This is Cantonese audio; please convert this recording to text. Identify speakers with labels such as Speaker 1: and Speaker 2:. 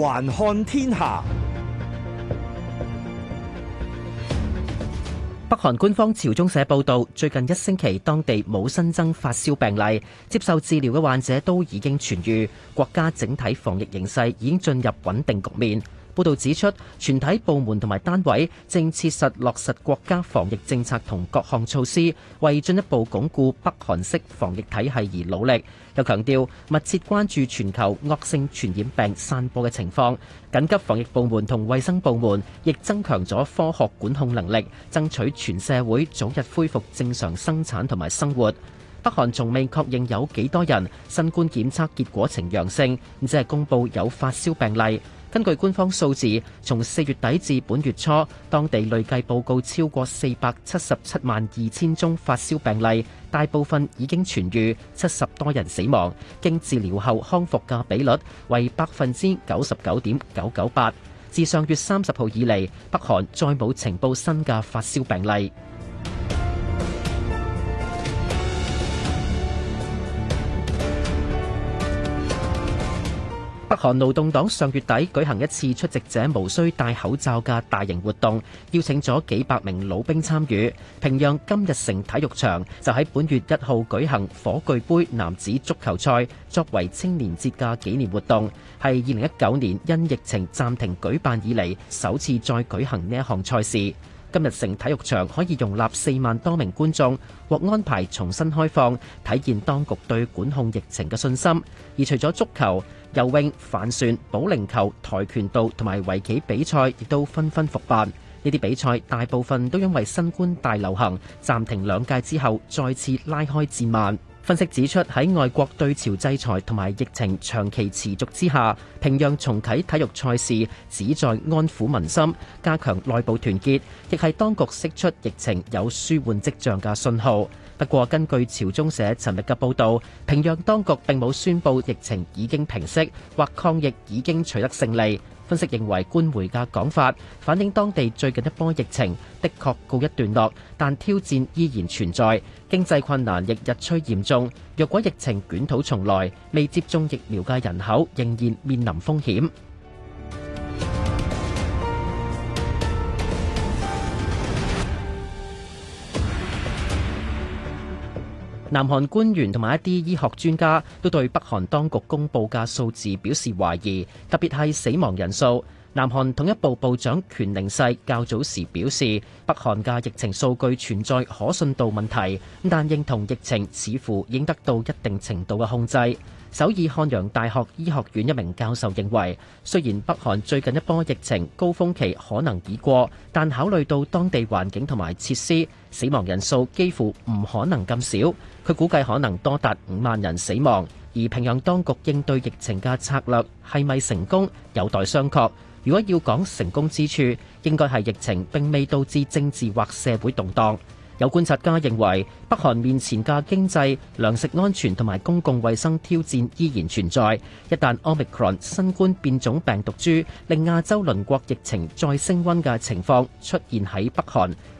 Speaker 1: 環看天下，北韓官方朝中社報道，最近一星期當地冇新增發燒病例，接受治療嘅患者都已經痊愈，國家整體防疫形勢已經進入穩定局面。報導指出，全體部門同埋單位正切實落實國家防疫政策同各項措施，為進一步鞏固北韓式防疫體系而努力。又強調密切關注全球惡性傳染病散播嘅情況，緊急防疫部門同衛生部門亦增強咗科學管控能力，爭取全社會早日恢復正常生產同埋生活。北韓仲未確認有幾多人新冠檢測結果呈陽性，只係公佈有發燒病例。根據官方數字，從四月底至本月初，當地累計報告超過四百七十七萬二千宗發燒病例，大部分已經痊愈，七十多人死亡。經治療後康復嘅比率為百分之九十九點九九八。自上月三十號以嚟，北韓再冇呈報新嘅發燒病例。韓勞動黨上月底舉行一次出席者無需戴口罩嘅大型活動，邀請咗幾百名老兵參與。平壤今日城體育場就喺本月一號舉行火炬杯男子足球賽，作為青年節嘅紀念活動，係二零一九年因疫情暫停舉辦以嚟首次再舉行呢一項賽事。今日金日成體育場可以容納四萬多名觀眾，獲安排重新開放，體現當局對管控疫情嘅信心。而除咗足球、游泳、帆船、保齡球、跆拳道同埋圍棋比賽，亦都紛紛復辦。呢啲比賽大部分都因為新冠大流行暫停兩屆之後，再次拉開戰幔。分析指出，喺外國對朝制裁同埋疫情長期持續之下，平壤重啟體育賽事，旨在安撫民心、加強內部團結，亦係當局釋出疫情有舒緩跡象嘅信號。不過根據朝中社尋日嘅報道，平壤當局並冇宣布疫情已經平息，或抗疫已經取得勝利。分析認為，官媒嘅講法反映當地最近一波疫情的確告一段落，但挑戰依然存在，經濟困難亦日趨嚴重。若果疫情捲土重來，未接種疫苗嘅人口仍然面臨風險。南韓官員同埋一啲醫學專家都對北韓當局公佈嘅數字表示懷疑，特別係死亡人數。南韓統一部部長權寧世較早時表示，北韓嘅疫情數據存在可信度問題，但認同疫情似乎已得到一定程度嘅控制。首爾漢陽大學醫學院一名教授認為，雖然北韓最近一波疫情高峰期可能已過，但考慮到當地環境同埋設施，死亡人數幾乎唔可能咁少。佢估計可能多達五萬人死亡。而平壤當局應對疫情嘅策略係咪成功，有待商榷。如果要講成功之處，應該係疫情並未導致政治或社會動盪。有觀察家認為，北韓面前嘅經濟、糧食安全同埋公共衛生挑戰依然存在。一旦 Omicron 新冠變種病毒株令亞洲鄰國疫情再升溫嘅情況出現喺北韓。